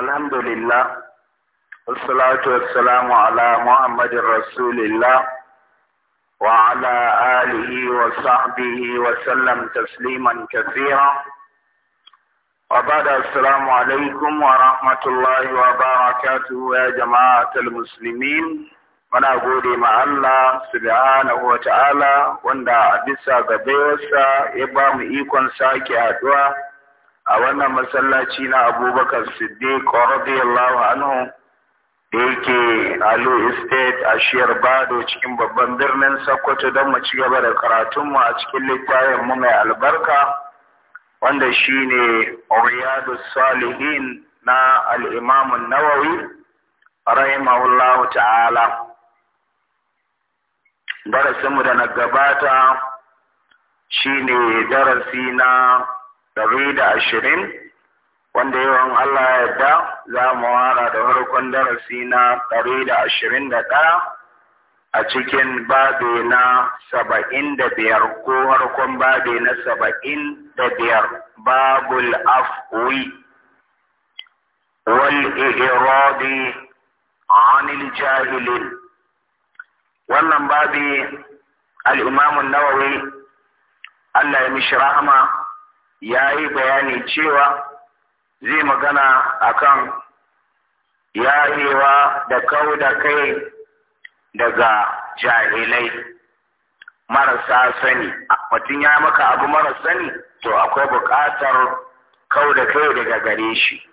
alhamdulillah wassalatu wassalamu ala muhammadin rasulillah wa ala alihi wa sahbihi wa sallam tasliman kathira wa ba'da assalamu alaikum wa rahmatullahi wa barakatuhu ya jama'atul muslimin muna gode ma Allah subhanahu wa ta'ala wanda a bisa ga baiwarsa ya bamu ikon sake haɗuwa a wannan masallaci na abubakar siddiq radiyallahu anhu da yake alo estate a shiyar bado cikin babban birnin sokoto don mu ci gaba da karatunmu a cikin littafin mu mai albarka wanda shine oriyadu salihin na al'imamun nawawi rahimahullahu ta'ala darasinmu da na gabata shine darasi na ɗari da ashirin wanda yawan Allah ya yarda za mu wara da farkon darasi na ɗari da ashirin da ɗaya a cikin babe na saba'in da biyar ko harkon babe na saba'in da biyar babul afwi wal iradi anil jahilin wannan babi al-imam nawawi Allah ya mishi rahama ya yi bayani cewa zai magana akan yarewa da kau da kai daga jahilai marasa sani mutum ya maka abu mara sani to akwai buƙatar kau da kai daga gare shi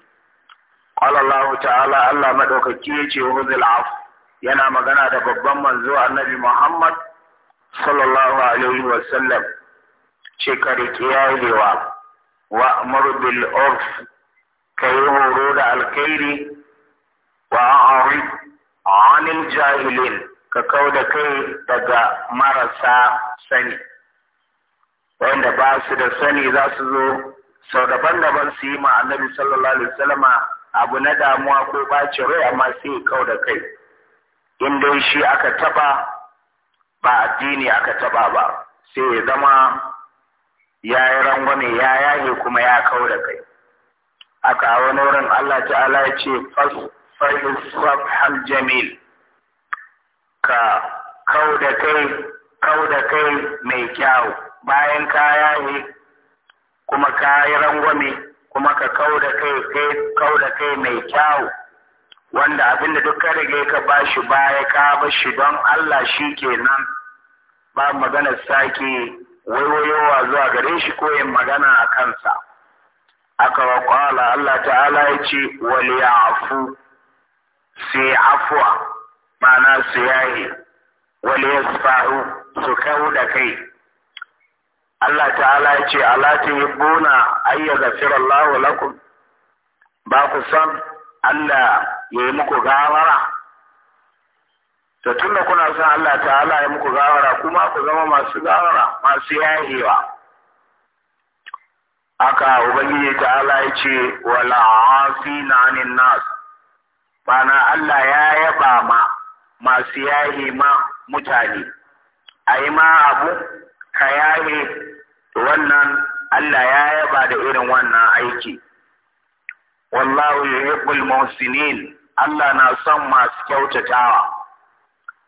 Allah ta'ala Allah maɗaukaki ya ce huzul af yana magana da babban manzo annabi Muhammad sallallahu alaihi wasallam ce kare kiyayewa وأمر بالعرف كي هورو دا الكيري وأعرض عن الجاهلين ككود كي دقا مرسا سني وإن باس دا سني ذا zo sau daban-daban su yi ma annabi sallallahu alaihi wasallama abu na damuwa ko ɓaci rai amma sai ya kau da kai in shi aka taba ba addini aka taba ba sai ya zama ya yi rangwame ya yage, kuma ya kau da kai a kawo wurin Allah ta'ala ya ce fasfahal jamil ka kau da kai kau da kai mai kyau bayan ka yaye kuma ka yi rangwame kuma ka kau da kai kai kau da kai mai kyau wanda abin da duk ka rage ka bashi baya ka shi don Allah shi kenan ba maganar sake waiwayowa zuwa gare shi ko yin magana a kansa aka kwala Allah ta'ala ya ce wal ya'fu sai afwa mana su wal yasfahu su kawo da kai Allah ta'ala ya ce ala tuhibbuna ayya yaghfira lakum ba ku san Allah ya yi muku gawara to tunda kuna son Allah ta'ala ya muku gawara kuma ku zama masu gawara masu yahewa aka ubangiji ta'ala ya ce wala afina anin nas bana Allah ya yaba ma masu yahi ma mutane yi ma abu ka yahe wannan Allah ya yaba da irin wannan aiki wallahu yuhibbul muhsinin Allah na son masu kyautatawa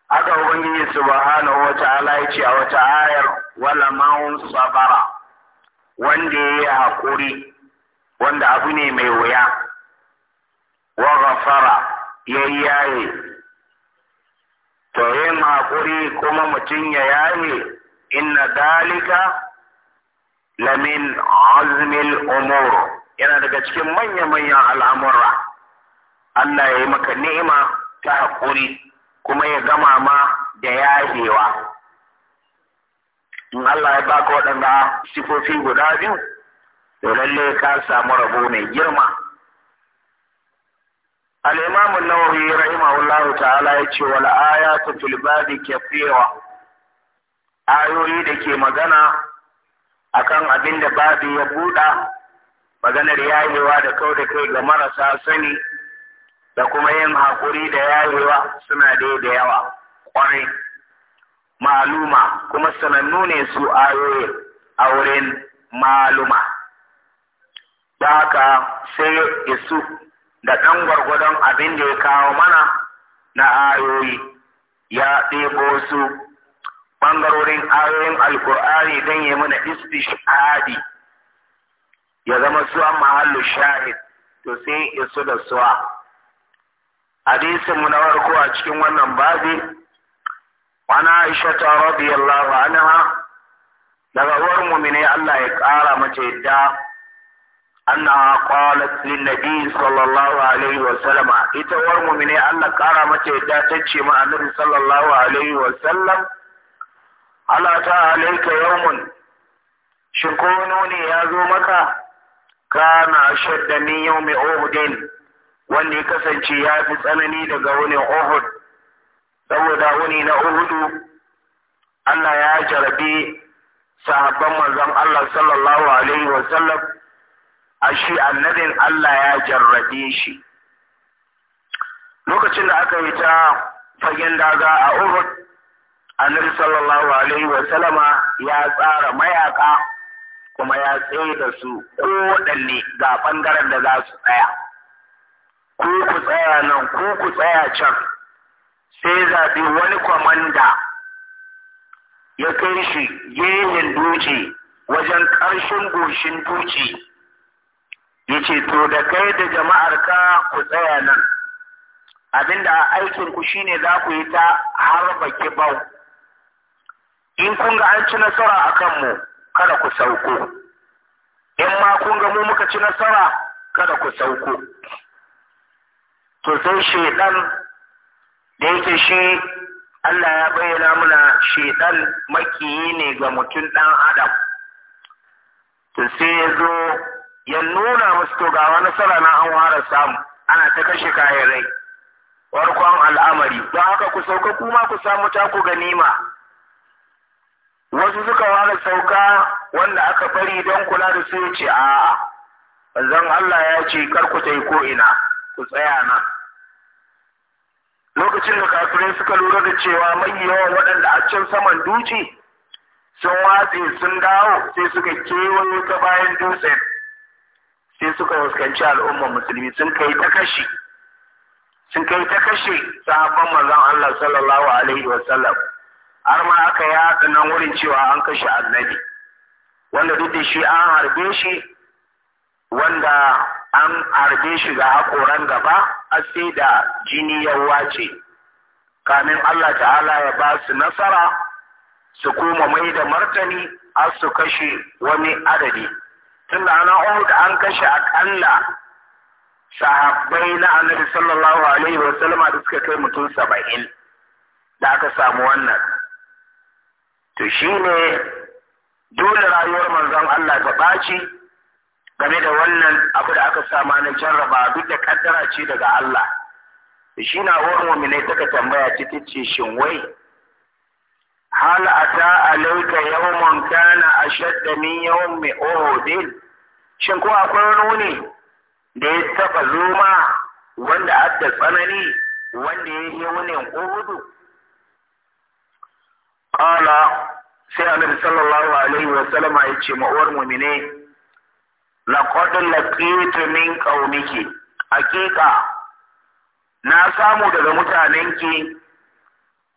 haka ubangiji subhanahu wa ta'ala ya ce a wata ayar wala man sabara wanda ya yi Haƙuri, wanda abu ne mai wuya wa ghafara ya yi yaye to yin haƙuri kuma mutum ya yaye inna dalika lamin azmil umur yana daga cikin manya-manyan al'amura Allah ya yi maka ni'ima ta haƙuri. kuma ya gama ma da yahewa in Allah ya baka waɗanda sifofi guda biyu to lalle ka samu rabo mai girma al-imam an-nawawi ya ce, yace wal ta fil babi kathira ayoyi da ke magana akan abin da babi ya buɗa maganar yayewa da kau da kai ga marasa sani da kuma yin haƙuri da yayewa suna dai da yawa ƙwarai maluma kuma sanannu ne su ayoyi a wurin maluma Ba ka, sai isu da ɗan gwargwadon abin da ya kawo mana na ayoyi ya ɗebo su ɓangarorin ayoyin alkur'ani don yi mana istishhadi ya zama su an mahallu shahid to sai isu da suwa hadisin mu na farko a cikin wannan babi wani aisha ta radiyallahu anha daga uwar mu mumine Allah ya kara mace yadda annaha qalat lin nabi sallallahu alaihi wa sallama ita uwar mu mumine Allah kara mace yadda ta ce ma annabi sallallahu alaihi wa sallam Ala ta alaika yawmun shin ko ne ya zo maka kana shadda min yawmi uhudin wanda ya kasance ya fi tsanani daga wani Uhud saboda wani na Uhudu Allah ya jarabi sahabban mazan Allah sallallahu alaihi wa sallam a shi annabin Allah ya jarrabe shi lokacin da aka yi ta fagen daga a Uhud annabi sallallahu alaihi wa sallama ya tsara mayaka kuma ya tsaye da su ko waɗanne ga ɓangaren da za su tsaya. ko ku tsaya nan ko ku tsaya can sai zaɓi wani kwamanda ya kai shi gehen doce wajen ƙarshen goshin doce ya ce to da kai da jama'ar ka ku tsaya nan abinda a aikin ku shine za ku yi ta harba kibau in kun ga an ci nasara a kanmu kada ku sauko in ma kun ga mu muka ci nasara kada ku sauko to sai shaidan da yake shi Allah ya bayyana muna shaidan makiyi ne ga mutum ɗan adam to sai ya zo ya nuna musu to ga wani sara na an ware samu ana ta kashe kayan rai warkon al'amari don haka ku sauka kuma ku samu taku ganima wasu suka ware sauka wanda aka bari don kula da su ya ce a'a zan Allah ya ce kar ku yi ko ina ku tsaya na. lokacin da kafirai suka lura da cewa mai yawan waɗanda a can saman duci sun watse sun dawo sai suka kewaye ta bayan dutsen sai suka fuskanci al'ummar musulmi sun kai ta kashe sun kai ta kashe sahabban mazan Allah sallallahu alaihi wa sallam har ma aka yaɗa nan wurin cewa an kashe annabi wanda duk da shi an harbe shi wanda an harbe shi ga haƙoran gaba a sai da jini yawa wace kamin Allah ta'ala ya ba su nasara su koma mai da martani har su kashe wani adadi tun da ana da an kashe a Allah. sahabbai na annabi sallallahu alaihi wa da suka kai mutum saba'in da aka samu wannan to shi ne. dole rayuwar manzon Allah ta ɓaci game da wannan abu da aka sama na jarraba duk da kaddara ce daga Allah shi na wani mu'minai suka tambaya cikin ce shin wai hal ata alayka yawmun kana ashadda min mai Ohudin, shin ko akwai wani wuni da ya taba zuma wanda adda tsanani wanda ya yi wunin Ohudu? Ƙala, sai annabi sallallahu alaihi wasallama ya ce ma'uwar mu'minai laqad laqitu min kaumiki. hakika na samu daga mutanenki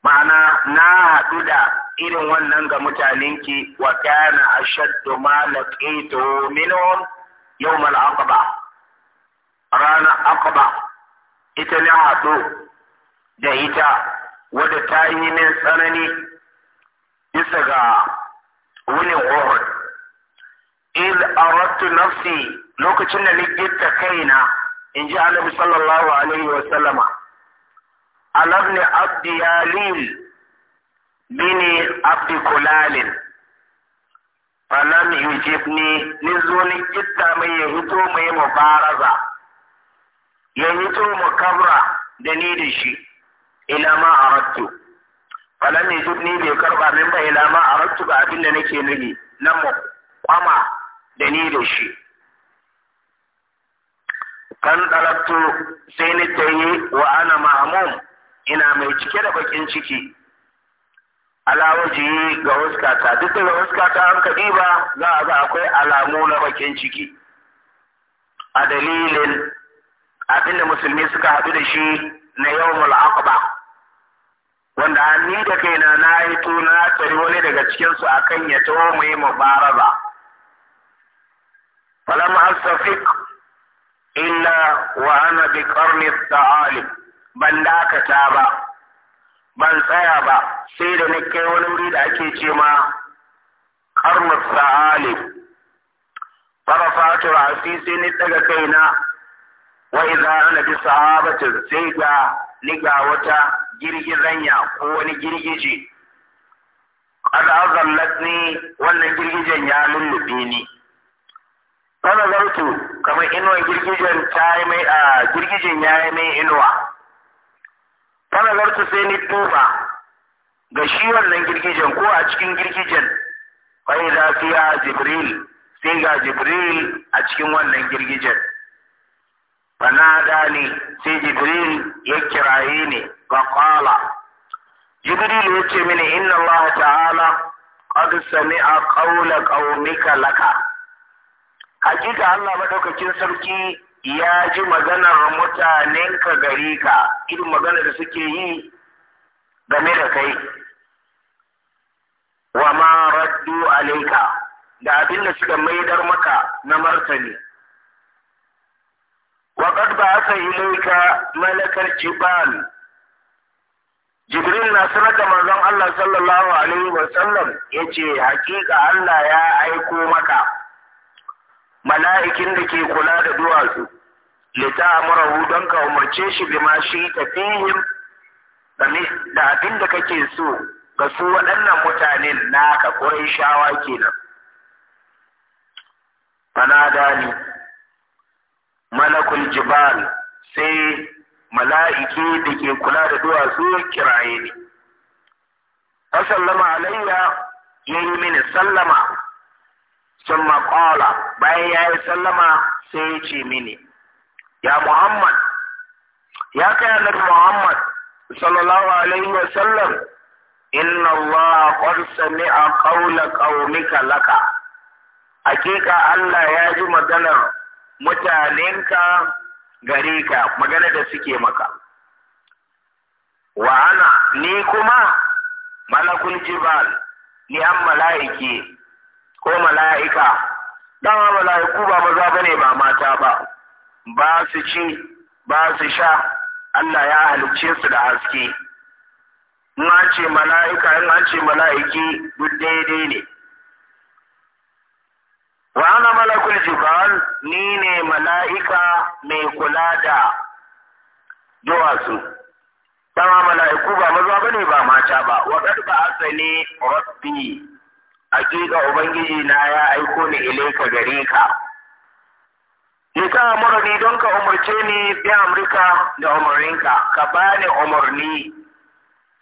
ma'ana na haɗu da irin wannan ga mutanenki wa kana ashaddu ma laqitu minon yawm al-aqaba rana ita na haɗu da ita wadda ta yi min tsanani bisa ga wunin Uhud il arattu nafsi lokacin da ligitta kaina in ji annabi sallallahu alaihi wa sallama alabni abdi yalil bini abdi kulalin falam yujibni ni zo ni mai ya hito mai mubaraza ya hito mukabra da ni da shi ila ma arattu falam yujibni bai karba min ba ila ma arattu ga abin da nake nuni nan mu kwama da da shi kan ɗalabtu sai ni ta yi wa ana ina mai cike da bakin ciki alawaji ga huskata duk da huskata an kaɗi ba za a ga akwai alamu na bakin ciki a dalilin abinda musulmi suka haɗu da shi na yau aqba wanda ni da kaina na yi na tari wani daga cikinsu akan ya taho mu yi mubaraba falam astafiq illa wa ana bi qarni ta'ali ban dakata ba ban tsaya ba sai da na kai wani wuri da ake ce ma qarni ta'ali farafatu ra'si sai ni daga kaina wa ana bi sahabatin sai ga ni ga wata girgizanya ko wani girgije qad azallatni wannan girgijen ya lullubi ni Kana zarto kamar inuwan girgijen ta yi mai a girgijin ya yi mai inuwa. Kana zarto sai ni duba ga shi wannan girgijen ko a cikin girgijen bai za a Jibril sai ga Jibril a cikin wannan girgijen. Bana ni sai Jibril ya kiraye ne ga kwala. Jibril ya ce mini inna Allah ta'ala qad a kaula qaumika laka. hakika Allah madaukakin sarki ya ji maganar mutanen ka gare ka irin magana da suke yi game da kai wa ma raddu alaika da abin da suka maidar maka na martani wa qad ba'atha ilayka malakal jibal Jibril na sanar da manzon Allah sallallahu alaihi wa sallam yace hakika Allah ya aiko maka mala'ikin da ke kula da duwatsu lita amurahu don ka umarce shi bi ma shi tafihim da abin da kake so ga su waɗannan mutanen naka kurai shawa kenan fanada ni malakul jibal sai mala'iki da ke kula da duwatsu kiraye ni. Asallama alayya ya yi mini sallama sun maƙala bayan ya yi sallama sai ya ce mini ya muhammad ya kai annabi muhammad sallallahu alaihi wa sallam inna allah qad a qawla qaumika laka hakika allah ya ji maganar mutanenka gari ka magana da suke maka wa ana ni kuma malakul jibal ni an mala'iki ko mala'ika dama mala'iku ba maza bane ba mata ba ba su ci ba su sha Allah ya halicce su da haske in ce mala'ika in ce mala'iki duk daidai ne wa ana malakul jibal ni ne mala'ika mai kula da duwatsu dama mala'iku ba maza bane ba mata ba wa ba asali rabbi hakika ubangiji na ya aiko ni ilaika gare ka ya sa murni don ka umarce ni bi amurka da umarninka ka bani umarni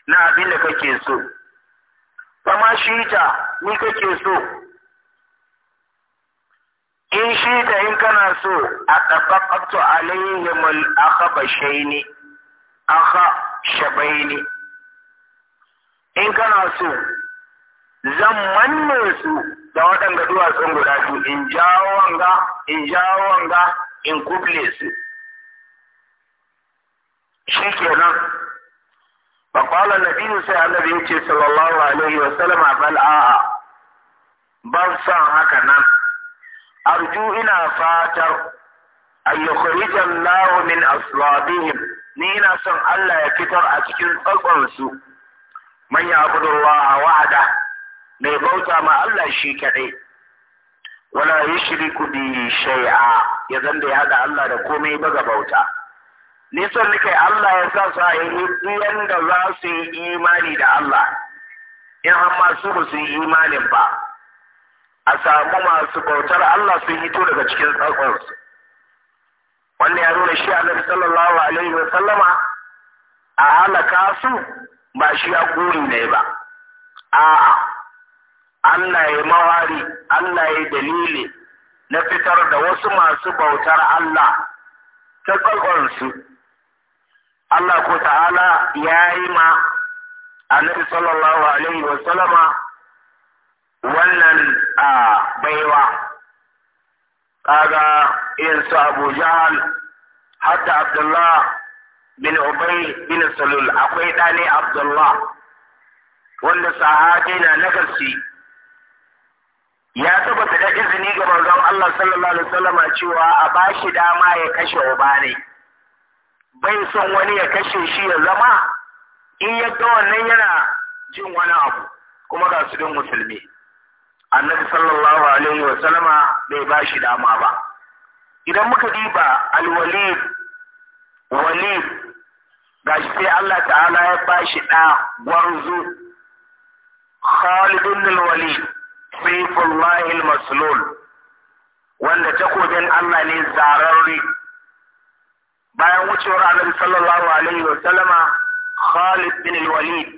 na abin da kake so kama shi ta ni kake so in shi ta in kana so a tafaqatu alaihim al-akhbashaini akha shabaini in kana so zan manne su da waɗanda duwatsun guda biyu in jawo wanga in jawo wanga in kuble su shi kenan faƙwala biyu sai annabi yace sallallahu alaihi wa sallama bal a'a ban san haka nan arju ina fatar ayyukuri yukhrija Allah min aslabihim ni ina son Allah ya fitar a cikin tsakon su man ya abudu wa'ada mai bauta ma Allah shi kaɗai wala shiri bi shay'a ya zanda ya Allah da komai ba ga bauta nisan nake Allah ya sa su yi ɗiyan da za su yi imani da Allah in an masu ba su yi imanin ba a samu masu bautar Allah sun hito daga cikin tsakonsu wannan ya nuna shi Allah sallallahu alaihi wa a halaka su ba shi a guri ne ba a'a Allah ya mawari, Allah ya dalili na fitar da wasu masu bautar Allah ta tsakonsu. Allah ko ta'ala ya yi ma annabi sallallahu alaihi wa sallama wannan a baiwa. Kaga irin su Abu Jahal hatta Abdullah bin Ubay bin Salul akwai ɗane Abdullah wanda sahabi na na ya tabbata da izini ga manzon Allah sallallahu alaihi wasallam cewa a bashi dama ya kashe uba ne bai son wani ya kashe shi ya zama in ga wannan yana jin wani abu kuma ga su din musulmi annabi sallallahu alaihi wasallam bai bashi dama ba idan muka diba alwalid walid shi sai Allah ta'ala ya bashi da gwarzo Khalidun Walid sayfullahi maslul wanda takobin Allah ne zararri bayan wucewar Annabi sallallahu alaihi wa sallama Khalid bin Walid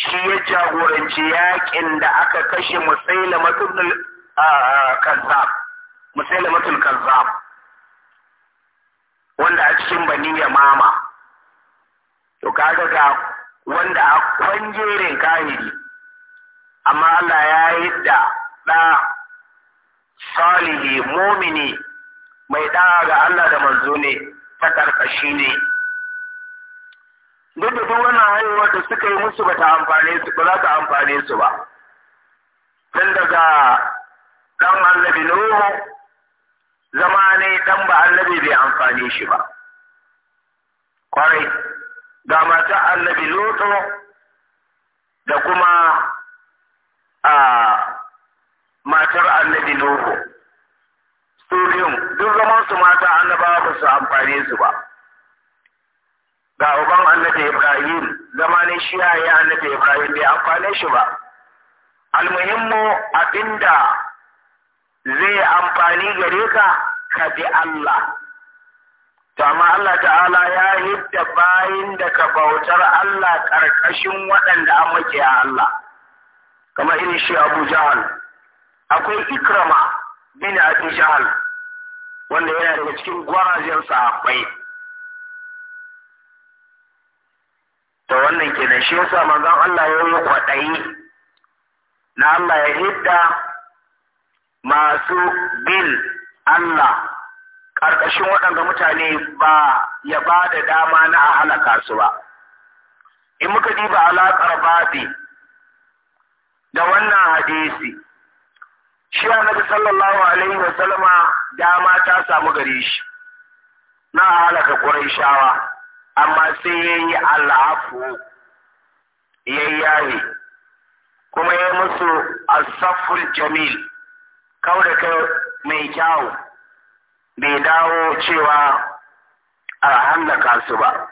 shi ya jagoranci yakin da aka kashe Musailamatul Kazzab Musailamatul Kazzab wanda a cikin Bani Yamama to kaga ga wanda a kwanjerin kahiri amma Allah ya yi da ɗa salihi mumini mai ɗa ga Allah da manzo ne ta karkashi ne duk da duk wani haihuwar da suka yi musu ba ta amfane su ba za ta amfane su ba tun daga ɗan annabi Nuhu zama ne ɗan ba annabi bai amfane shi ba kwarai ga mata annabi Lutu da kuma a matar annabi Nuhu. Su duk zaman su mata annabawa ba su amfane su ba. Ga uban annabi Ibrahim zamanin shi ya yi annabi Ibrahim bai amfane shi ba. Almuhimmu abinda zai amfani gare ka ka bi Allah. To amma Allah ta'ala ya hidda bayin da ka bautar Allah ƙarƙashin waɗanda an a Allah. kamar irin shi abu jahal akwai ikrama bin abi jahal wanda yana daga cikin gwarajen sahabbai to wannan kenan shi ya sa manzon Allah ya yi kwaɗayi na Allah ya hidda masu bil Allah ƙarƙashin waɗanda mutane ba ya ba da dama na a halaka su ba in muka diba alaƙar babi da wannan hadisi shi annabi sallallahu alaihi wa sallama dama ta samu gare shi na halaka quraishawa amma sai yayi al'afu yayi yayi kuma yayi musu asaful jamil kauda kai mai kyau bai dawo cewa a su ba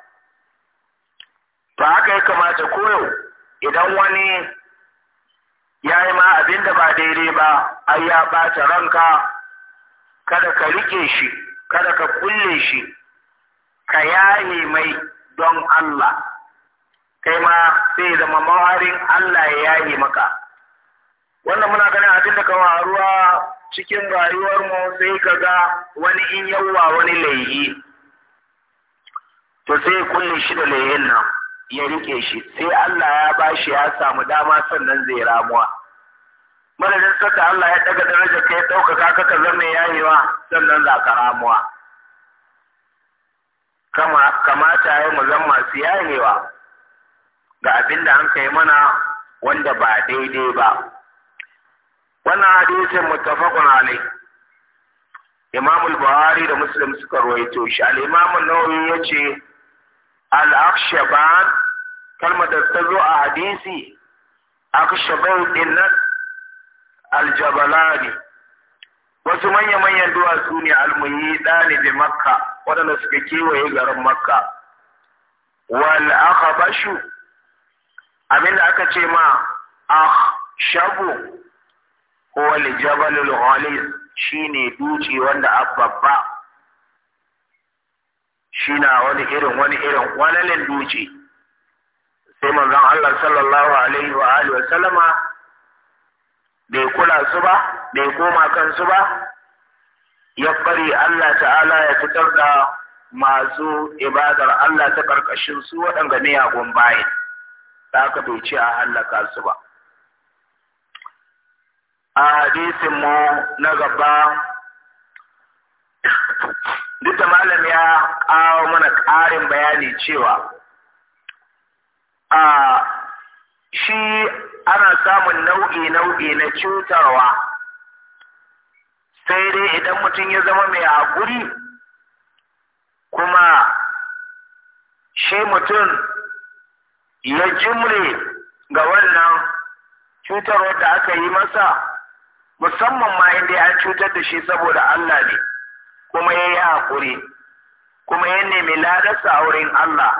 ba haka ya kamata koyo idan wani ya yi ma abin da ba daidai ba ai ya ɓata ranka kada ka rike shi kada ka kulle shi ka yaye mai don Allah kai ma sai zama mawarin Allah ya yaye maka wannan muna ganin abin da ka ruwa cikin rayuwarmu sai ka ga wani in yawa wani laihi to sai kulle shi da laihin nan ya rike shi sai Allah ya bashi ya samu dama sannan zai ramuwa madadin sata Allah ya daga darajar ka ya ɗaukaka ka ka mai yayewa sannan za ka ramuwa kamata ya mu zama masu yayewa ga abin da an kai mana wanda ba daidai ba wannan hadisin mu alai Imam al-Buhari da Muslim suka ruwaito shi al-Imam an-Nawawi yace al’akshaban kalmar da ta zo a hadisi akshaban din nan ne. wasu manya-manyan duwatsu ne almuyi ɗalibi makka waɗanda suka kewaye garin makka wal akhabashu abinda aka ce ma akhshabu ko wal jabal shi ne duci wanda abba shi na wani irin wani irin walalin duce sai manzon Allah sallallahu alaihi wa alihi wa sallama bai kula su ba bai koma kansu ba ya bari Allah ta'ala ya fitar da masu ibadar Allah ta ƙarƙashin su waɗanda miyagun bayan da aka bai ce a hallaka su ba a hadisin mu na gaba duk malam ya kawo mana ƙarin bayani cewa a shi ana samun nau'i-nau'i na cutarwa sai dai idan mutum ya zama mai haƙuri kuma shi mutum ya jimre ga wannan cutarwar da aka yi masa musamman ma inda ya cutar da shi saboda Allah ne. kuma ya yi haƙuri kuma ya nemi ladarsa a wurin Allah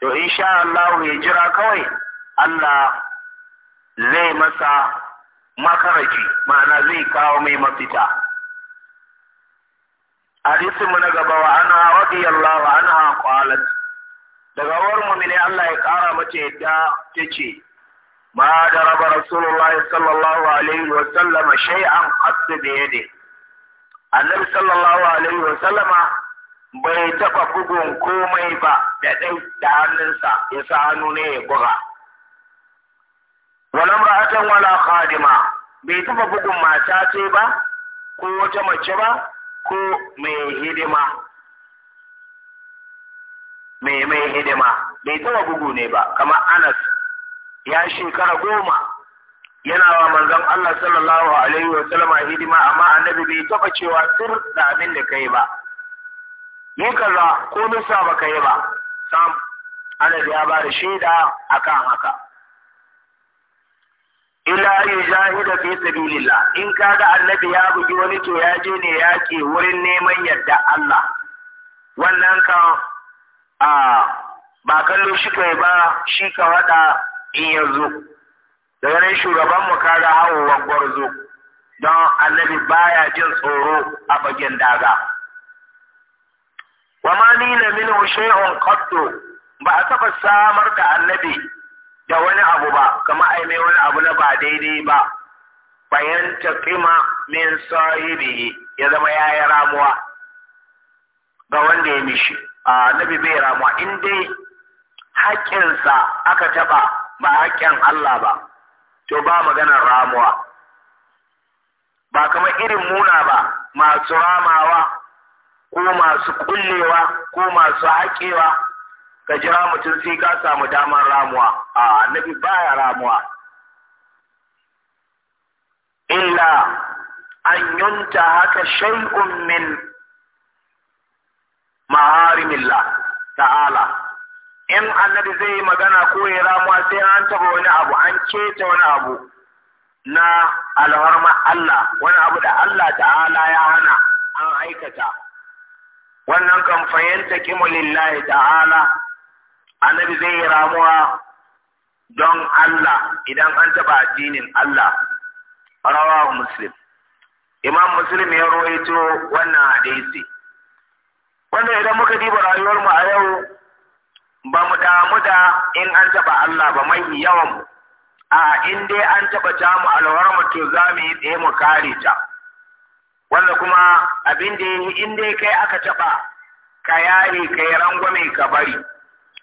to insha Allah ya jira kawai Allah zai masa makaraki ma'ana zai kawo mai mafita hadisi mu na gaba wa ana radiyallahu anha qalat daga war mu'mini Allah ya kara mace ta tace ma daraba rasulullahi sallallahu alaihi wa sallama shay'an qad bi yadihi annabi sallallahu alaihi wa sallama bai taba bugun komai ba da ɗai da hannunsa ya sa hannu ne ya buga wala ra'atan wala khadima bai taba bugun mata ce ba ko wata mace ba ko mai hidima mai mai hidima bai taba bugu ne ba kamar Anas ya shekara goma yana wa manzon Allah sallallahu alaihi wa sallama hidima amma annabi bai taba cewa sir da abin da kai ba yi kaza ko nisa ba kai ba sam annabi ya ba da shaida akan haka ila yujahida fi sabilillah in kaga annabi ya bugi wani to ya je ne yaki wurin neman yarda Allah wannan ka a ba kallo shi kai ba shi ka wada in yanzu Daga wani shugaban mu kare hawowar gwarzo don annabi baya jin tsoro a bagen daga wa ma na min shay'un qattu ba a taɓa samar da annabi da wani abu ba kamar ai mai wani abu na ba daidai ba bayan taqima min sahibi ya zama yayi ramuwa ga wanda ya mishi a annabi bai ramuwa in dai haƙƙinsa aka taɓa ba haƙƙin Allah ba to ba maganar ramuwa ba kama irin muna ba masu ramawa ko masu kullewa ko masu haƙewa ka jira mutum sai ka samu damar ramuwa a nabi baya ramuwa illa an yunta haka shay'un min maharimillah ta'ala in annabi zai yi magana ko ya ramuwa sai an taba wani abu an keta wani abu na alharma Allah wani abu da Allah ta'ala ya hana an aikata wannan kan fahimta kimu lillahi ta'ala annabi zai yi ramuwa don Allah idan an taba addinin Allah rawa muslim imam muslim ya rawaito wannan hadisi wanda idan muka diba rayuwarmu a yau ba mu damu da in an taɓa Allah ba mai yawan mu a in dai an taɓa ta mu mu, to za mu yi tsaye mu kare ta wanda kuma abin da yi in dai kai aka taɓa ka yare ka yi rangwame ka bari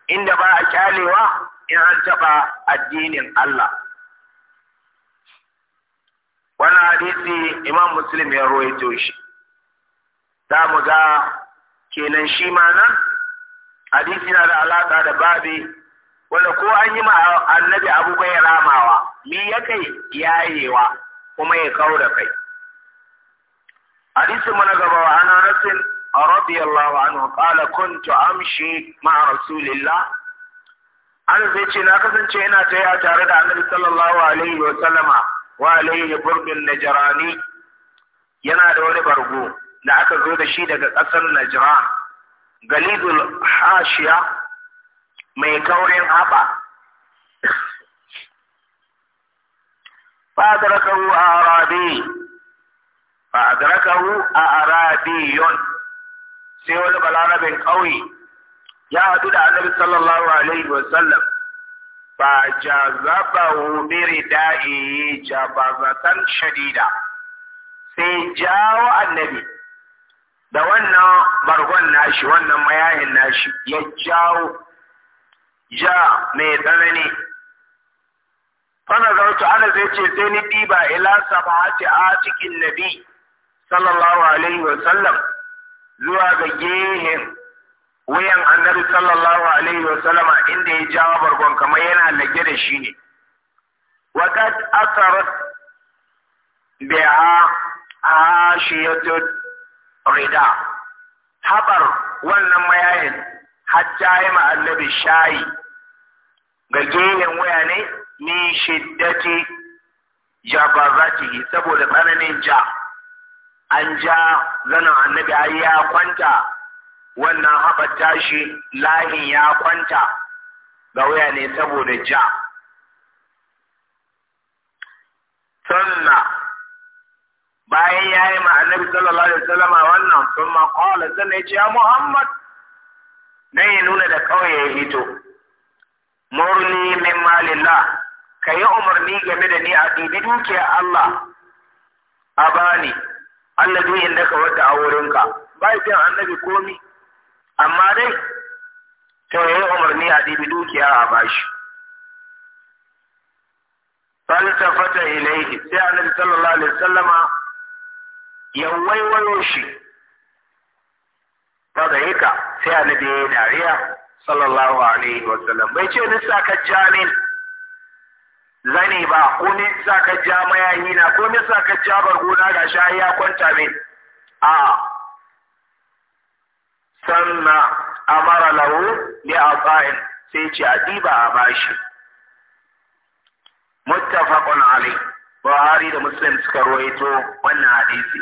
inda ba a kyalewa in an taɓa addinin Allah wannan hadisi imam muslim ya rawaito shi za mu ga kenan shi ma nan hadisi na da alaka da babi wanda ko an yi ma annabi abu kai ramawa mi ya kai yayewa kuma ya da kai hadisi mana gaba wa ana nasin radiyallahu anhu kala kuntu amshi ma rasulillah an zai ce na kasance ina taya tare da annabi sallallahu alaihi wa sallama wa alaihi burbin najirani yana da wani bargo da aka zo da shi daga ƙasar najran galidul hashiya mai kaurin haɓa fadarakahu a arabi fadarakahu a arabiyon sai wani balarabin ƙauye ya haɗu da annabi sallallahu alaihi wasallam fa jazabahu bi rida'i jabazatan shadida sai jawo annabi da wannan bargon nashi wannan mayahin nashi ya jawo ja mai tsanani fana zautu ana zai ce sai ni diba ila sabahati a cikin nabi sallallahu alaihi wa sallam zuwa ga gehen wuyan annabi sallallahu alaihi wa sallama inda ya jawo bargon kamar yana lage da shi ne wa kad asarat bi'a ashiyatun rida haɓar wannan mayayin hatta ya ma'allabi shayi ga gehen waya ne ni shiddati jabazatihi saboda tsananin ja an ja zanen annabi ai ya kwanta wannan haɓar tashi lahin ya kwanta ga waya ne saboda ja sannan bayan ya yi ma annabi sallallahu alaihi wasallam wannan sun ma kawala sannan ya ce ya Muhammad Na yi nuna da kawai ya hito murni min malillah ka yi umarni game da ni a ɗibi dukiyar Allah a bani Allah duk inda ka wata a wurinka ba ya annabi komi amma dai to ya yi umarni a ɗibi dukiya a bashi falsafata ilaihi sai annabi sallallahu alaihi wasallama yawaiwayo shi ba da ka sai annabi ya yi dariya sallallahu alaihi wa sallam bai ce nisa ka ja ne zane ba ko nisa ka ja mayayi na ko nisa ka ja bargona ga shayi ya kwanta min a sanna amara ne a tsayin sai ce a diba a bashi muttafaqun alaihi Buhari da Muslim suka ruwaito wannan hadisi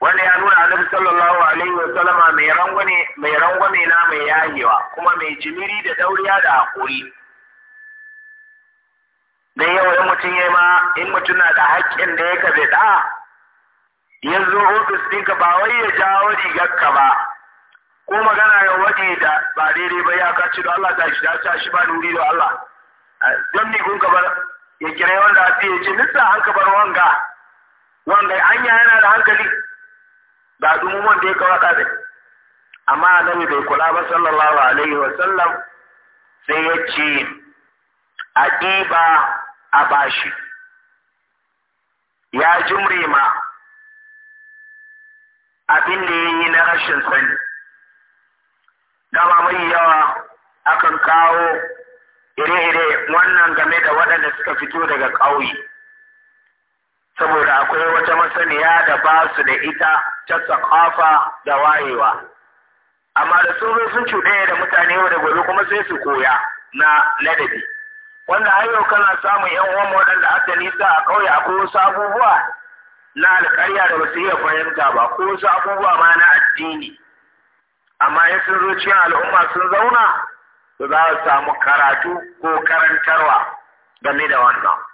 wanda ya nuna annabi sallallahu alaihi wa sallama mai rangwame mai rangwame na mai yayewa kuma mai jimiri da dauriya da hakuri dan yau in mutum yayi ma in mutum na da haƙƙin da yake bai da yanzu ofis ɗinka ba wai ya jawo rigarka ba ko magana ya waje da ba daidai ba ya kaci da Allah ta shi da ta shi ba nuri da Allah don ni kun bar ya kira wanda a ce nisa an ka bar wanga wanga an yana da hankali Ba dumuman da ya kawo ɗaɗin amma annabi bai kula ba sallallahu alaihi wa sallam sai ya ce a ɗiba a bashi ya jimre ma abin da ya yi na rashin sani dama mai yawa akan kawo ire-ire wannan game da waɗanda suka fito daga ƙauye saboda akwai wata masaniya da ba su da ita ta tsakafa da wayewa amma da sun zo sun cuɗaya da mutane yau da gobe kuma sai su koya na ladabi wanda har yau kana samun yan uwan waɗanda aka nisa a ƙauye akwai wasu abubuwa na alƙarya da basu iya fahimta ba ko wasu abubuwa ma na addini amma in sun zo cikin al'umma sun zauna su za su samu karatu ko karantarwa game da wannan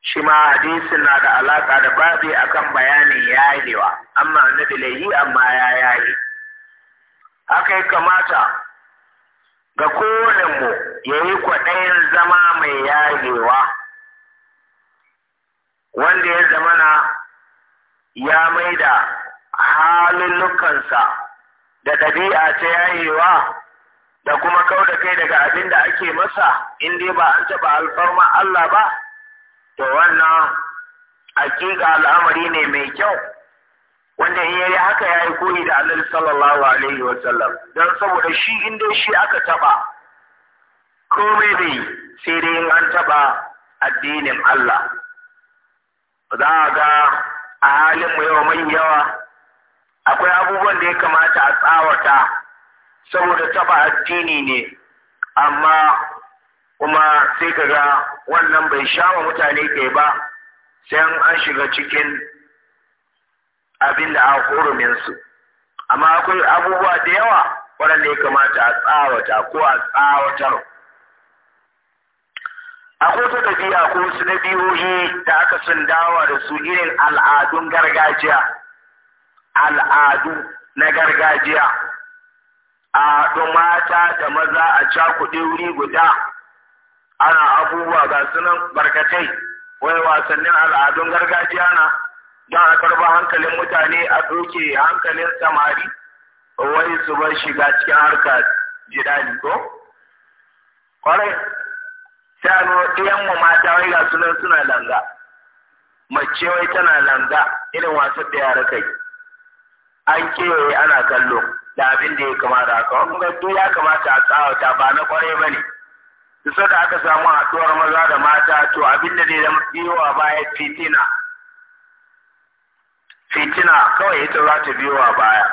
shi ma hadisin na da alaƙa da babi akan bayanin yayewa amma na bilayi amma ya yayi haka ya kamata ga kowane mu ya yi kwaɗayin zama mai yayewa wanda ya zamana ya maida halullukansa da ɗabi'a ta yayewa da kuma kau kai daga abin da ake masa in ba an taɓa alfarma Allah ba to wannan hakika al'amari ne mai kyau wanda in yayi haka ya yi koyi da Annabi sallallahu alaihi wa sallam dan saboda shi inda shi aka taba komai bai sai dai in an taba addinin Allah za a ga a halin mu yawa mai yawa akwai abubuwan da ya kamata a tsawata saboda taba addini ne amma kuma sai ka ga wannan bai sha wa mutane kai ba sai an shiga cikin abin da a huruminsu amma akwai abubuwa da yawa waɗanda ya kamata a tsawata ko a tsawatar akwai wata tafiya ko wasu na biyoyi da aka sun dawa da su irin al'adun gargajiya al'adu na gargajiya a mata da maza a cakuɗe wuri guda ana abubuwa ga sunan barkatai wai wasannin al'adun gargajiya na don a karba hankalin mutane a doke hankalin samari wai su bar shiga cikin harka jidani ko kwarai sai a mu mata wai ga sunan suna langa mace wai tana langa irin wasan da yara kai an kewaye ana kallo da abin da ya kamata a kawai ga ya kamata a tsawata ba na kwarai ba ne duk da aka samu haɗuwar maza da mata to abin da zai zama a baya fitina fitina kawai ita za ta a baya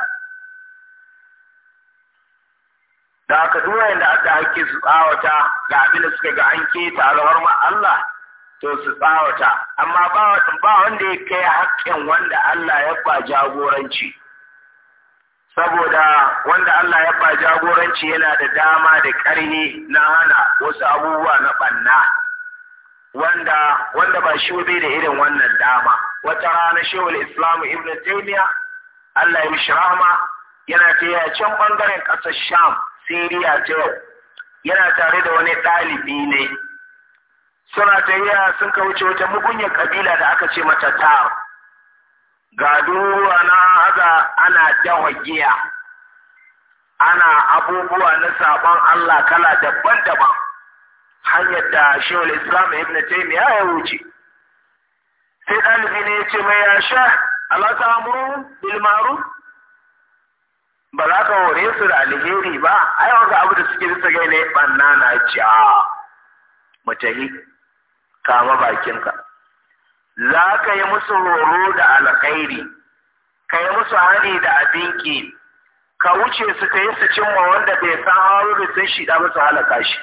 da aka duwa da aka haƙƙi su tsawata ga abin da suka ga an keta alwar ma Allah to su tsawata amma ba wanda ya kai haƙƙin wanda Allah ya ba jagoranci. saboda wanda Allah ya ba jagoranci yana da dama da ƙarni na hana wasu abubuwa na ɓanna wanda wanda ba shi bai da irin wannan dama wata rana shehul islam ibn taymiya Allah ya mishi rahama yana ce can bangaren ƙasar sham siriya ta yau yana tare da wani ɗalibi ne suna tafiya sun wuce wata mugunyar kabila da aka ce mata tar ga duruwa na aza ana dawa giya ana abubuwa na saban Allah kala daban-daban hanyar da shehul islam ibn taymiya ya wuce sai ɗalibi ne ya ce mai ya sha alasamuru bilmaru ba za ka hore su da alheri ba ai wanda abu da suke bisa gai ne banna na ja mutahi kama bakinka za ka yi musu horo da alkhairi ka yi musu hani da abin ki ka wuce su ka yi su cimma wanda bai san harurin sun shi da musu halaka shi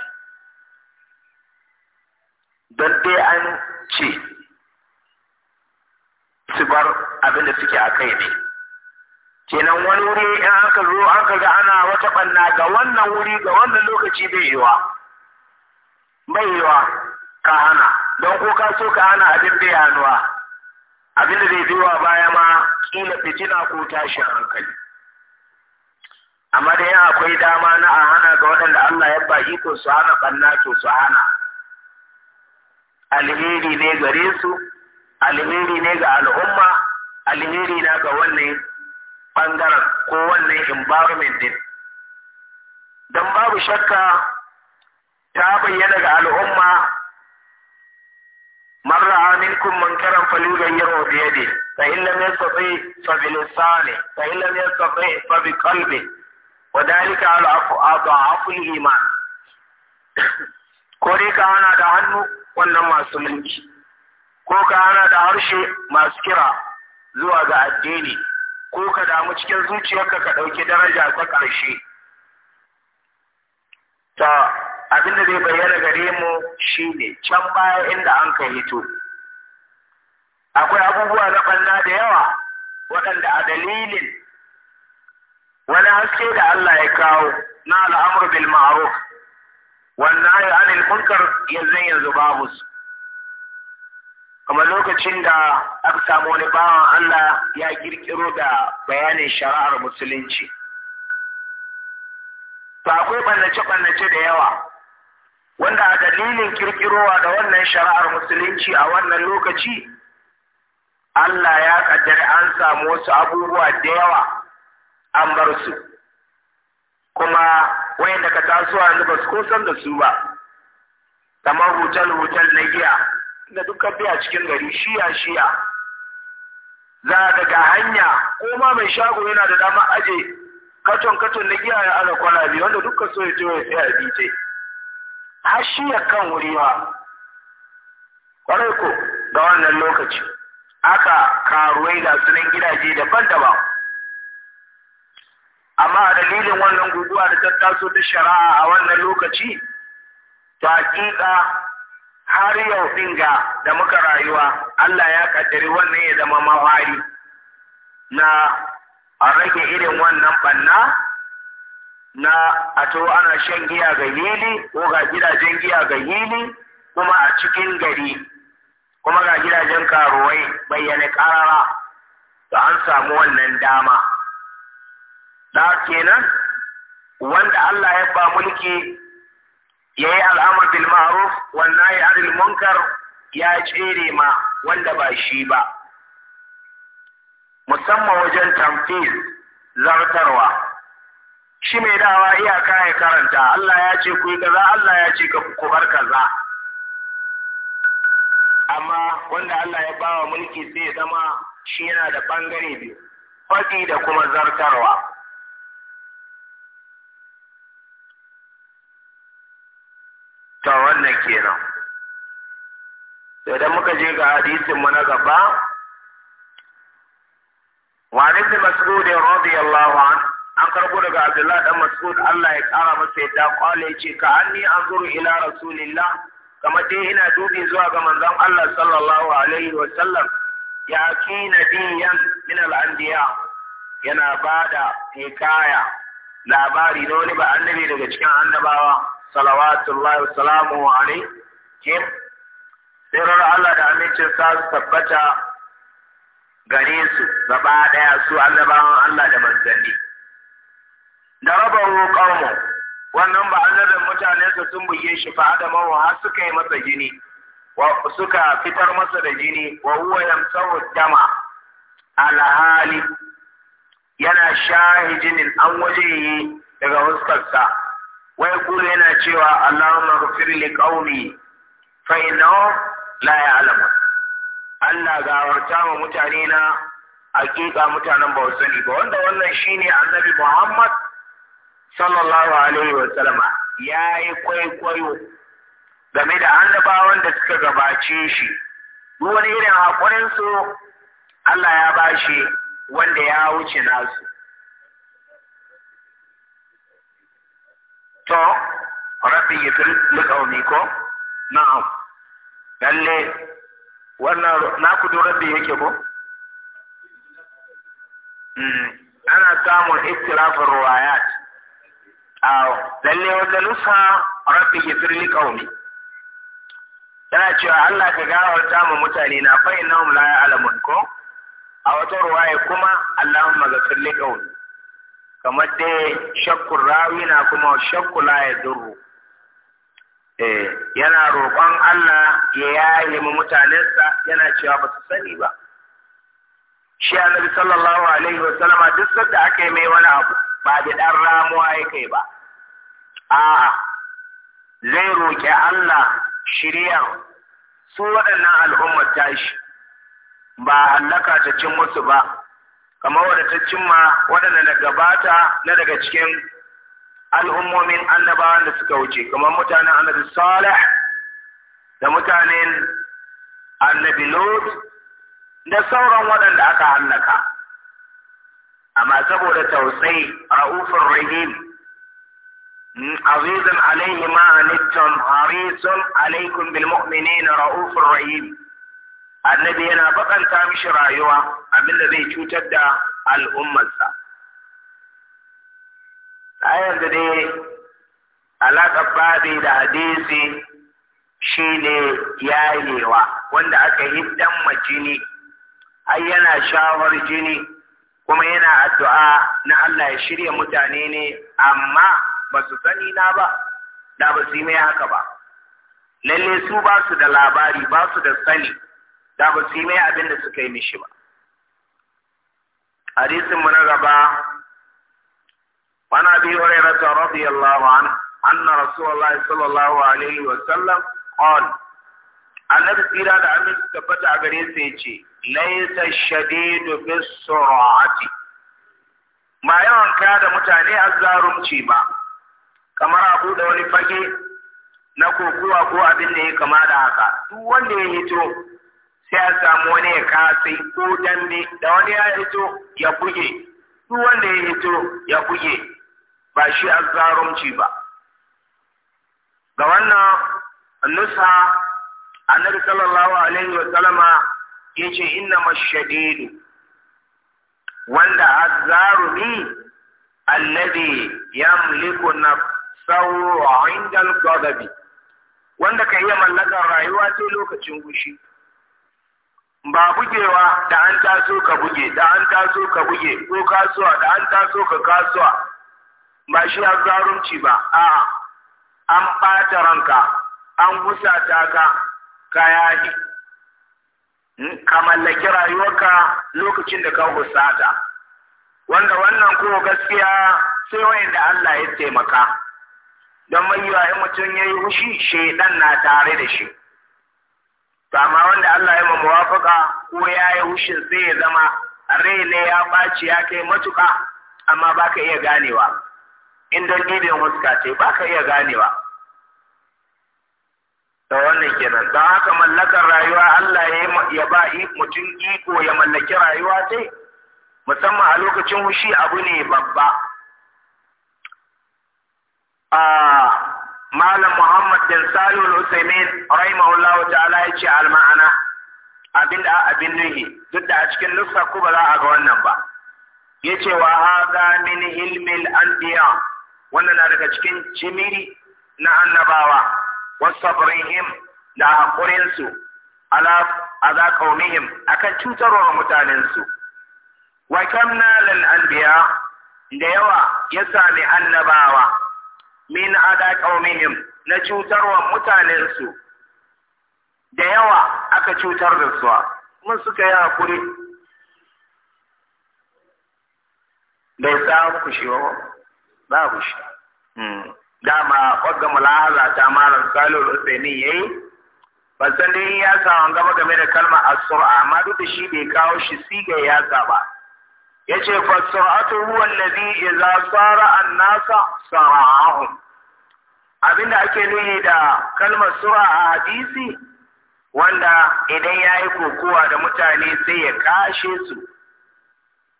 don dai an ce su bar abin da suke a kai ne kenan wani wuri in aka zo aka ga ana wata banna ga wannan wuri ga wannan lokaci bai yiwa bai yiwa ka hana don ko ka so ka hana abin bai hannuwa abin da zai biwa baya ma kila fitina ko tashin hankali amma dai akwai dama na a hana ga waɗanda Allah ya baki iko su hana ɓanna to su hana alheri ne gare su alheri ne ga al'umma alheri na ga wannan ɓangaren ko wannan environment din don babu shakka ta bayyana ga al'umma من رأى منكم منكرا فليغيره بيده فإن لم يستطع فبلسانه فإن لم يستطع فبقلبه وذلك على أضعاف الإيمان كوري كان da hannu wannan masu mulki ko ka hana da harshe masu kira zuwa ga addini ko ka damu cikin zuciyarka ka ɗauki daraja ta ƙarshe abin da zai bayyana gare mu shine can baya inda an ka hito akwai abubuwa na ɓanna da yawa waɗanda a dalilin wani haske da Allah ya kawo na al'amur bil ma'ruf wannan ya anil munkar yanzu yanzu babu su kamar lokacin da aka samu wani bawan Allah ya kirkiro da bayanin shari'ar musulunci to akwai ɓannace-ɓannace da yawa wanda a dalilin kirkirowa da wannan shari'ar musulunci a wannan lokaci Allah ya kaddare an samu wasu abubuwa da yawa an bar su kuma wayanda ka taso yanzu ba su kusan da su ba kamar hotel hotel na giya da duka biya cikin gari shiya-shiya za ka ga hanya ko ma mai shago yana da dama aje katon-katon na giya ya ala kwalabe wanda duka so ya ya sai a har shi ya kan wuri ma kwarai ko ga wannan lokaci aka karuwai ga sunan gidaje daban-daban amma a dalilin wannan guguwa da ta taso ta shari'a a wannan lokaci ta haƙiƙa har yau ga da muka rayuwa Allah ya kaddari wannan ya zama mawari na rage irin wannan banna na a to ana shan giya ga hili ko ga gidajen giya ga hili kuma a cikin gari kuma ga gidajen karuwai bayyana karara to an samu wannan dama da kenan wanda Allah ya ba mulki ya yi al'amar bil ma'ruf wannan ya adil munkar ya tsere ma wanda ba shi ba musamman wajen tamfiz zartarwa shi mai dawa iyaka ya karanta Allah ya ce ku yi kaza Allah ya ce ku bar kaza amma wanda Allah ya bawa mulki zai zama shi yana da bangare biyu faɗi da kuma zartarwa ta wannan kenan idan muka je ga hadisin mu na gaba wa ibn mas'ud radiyallahu anhu an karbo daga Abdullah dan Mas'ud Allah ya kara masa yadda kwale ce, ka anni anzuru ila rasulillah kamar dai ina dubi zuwa ga manzon Allah sallallahu alaihi wa sallam ya ki nabiyyan min al-anbiya yana bada hikaya labari na wani ba annabi daga cikin annabawa salawatullahi wa salamu alaihi Sirar Allah da amincin sa su tabbata gare su gaba ɗaya su annabawan Allah da manzanni. da rabaru mu wannan ba da mutane su sun buge shi fa wa har suka yi masa jini wa suka fitar masa da jini wa huwa yamsahu dama alhali yana shahi jinin an waje daga huskarsa wai kula yana cewa Allahumma ghfir li qaumi fa innahu la ya'lamu Allah gawarta wa mutane na hakika mutanen ba sani ba wanda wannan shine annabi Muhammad sallallahu alaihi wa sallama ya yi kwaikwayo game da annabawan da suka gabace shi wani irin su, Allah ya bashi wanda ya wuce nasu to rabbi yatul liqaumi ko na'am lalle wannan na kudu rabbi yake ko hmm. ana samun ikhtilafin ruwayat a lalle wata nusa ya firli ƙauni. yana cewa Allah ka gawarta mu mutane na na innahum laye alamun ko a wata ruwaya kuma Allahumma ga firli ƙauni. kamar dai shakku rawi na kuma shakku laye durru. eh yana roƙon Allah ya yaye mu mutanensa yana cewa ba su sani ba shi annabi sallallahu alaihi wa sallama duk sanda aka yi mai wani abu ba da dan ramuwa yake ba a'a zai roƙi Allah shirya su waɗannan al'ummar tashi ba hallaka ta cin musu ba kamar wadda ta cimma waɗanda na gabata na daga cikin al'ummomin annabawan da suka wuce kamar mutanen annabi Salih da mutanen annabi Lut da sauran waɗanda aka hallaka amma saboda tausayi ra'ufin rahim عزيز عليه ما عنتم حريص عليكم بالمؤمنين رؤوف رحيم annabi yana bakanta mishi rayuwa abinda zai cutar da al'ummarsa a yanzu dai alaƙar babi da hadisi shine yayewa wanda aka hiddan jini, har yana shawar jini kuma yana addu'a na Allah ya shirya mutane ne amma ba su sani na ba da ba su yi mai haka ba lalle su ba su da labari ba su da sani da ba su yi mai abin da suka yi mishi ba hadisin mu na gaba wani abi hurairata radiyallahu an anna rasulullahi sallallahu alaihi wa sallam qala annabi tsira da amin fata a gare sa yace laysa shadidu bis sur'ati ma yawan kada mutane azzarumci ba kamar a buɗe wani fage na kokowa ko abin da ya kama da haka duk wanda ya hito sai a samu wani ya kasa ko dambe da wani ya hito ya buge duk wanda ya hito ya buge ba shi zarumci ba ga wannan nusa annabi sallallahu alaihi wa sallama yace inna mashadidu wanda azzarumi alladhi yamliku nafsa sauro indal gadabi wanda ka iya mallakar rayuwa sai lokacin gushi ba bugewa da an taso ka buge da an taso ka buge ko kasuwa da an taso ka kasuwa ba shi a zarunci ba a an ɓata ranka an husata ka kayaki hmm, ka mallaki rayuwarka lokacin da ka husata wanda wannan ko gaskiya sai da Allah ya taimaka don mai yiwa in mutum ya yi hushi shaidan na tare da shi to amma wanda Allah ya mawafaka ko ya yi hushin sai ya zama rai ne ya ɓaci ya kai matuƙa amma ba ka iya ganewa in don ɗibin huska ce ba ka iya ganewa da wannan kenan don haka mallakar rayuwa Allah ya ba mutum iko ya mallaki rayuwa sai? musamman a lokacin hushi abu ne babba a malam muhammad bin salul usaimin rahimahullah ta'ala ya ce alma'ana abin da abin nuhi duk da a cikin nuska ku ba za a ga wannan ba ya ce wa haza min ilmil anbiya wannan na daga cikin jimiri na annabawa wasabrihim da haƙurinsu ala aza qaumihim akan cutarwa mutanensu wa kam nalal anbiya da yawa ya sami annabawa min ada qaumihim na cutarwa mutanensu da yawa aka cutar da su mun suka yi hakuri bai samu shi ba kushe hmm. dama wadda mulahaza ta malam salul usaini yayi ban san dai ya sa gaba game da kalmar asura amma duk da shi bai kawo shi siga ya ba yace ce huwa allazi idza sara an-nasa sara'ahum abinda ake nuni da kalmar sura a hadisi wanda idan yayi kokowa da mutane sai ya kashe su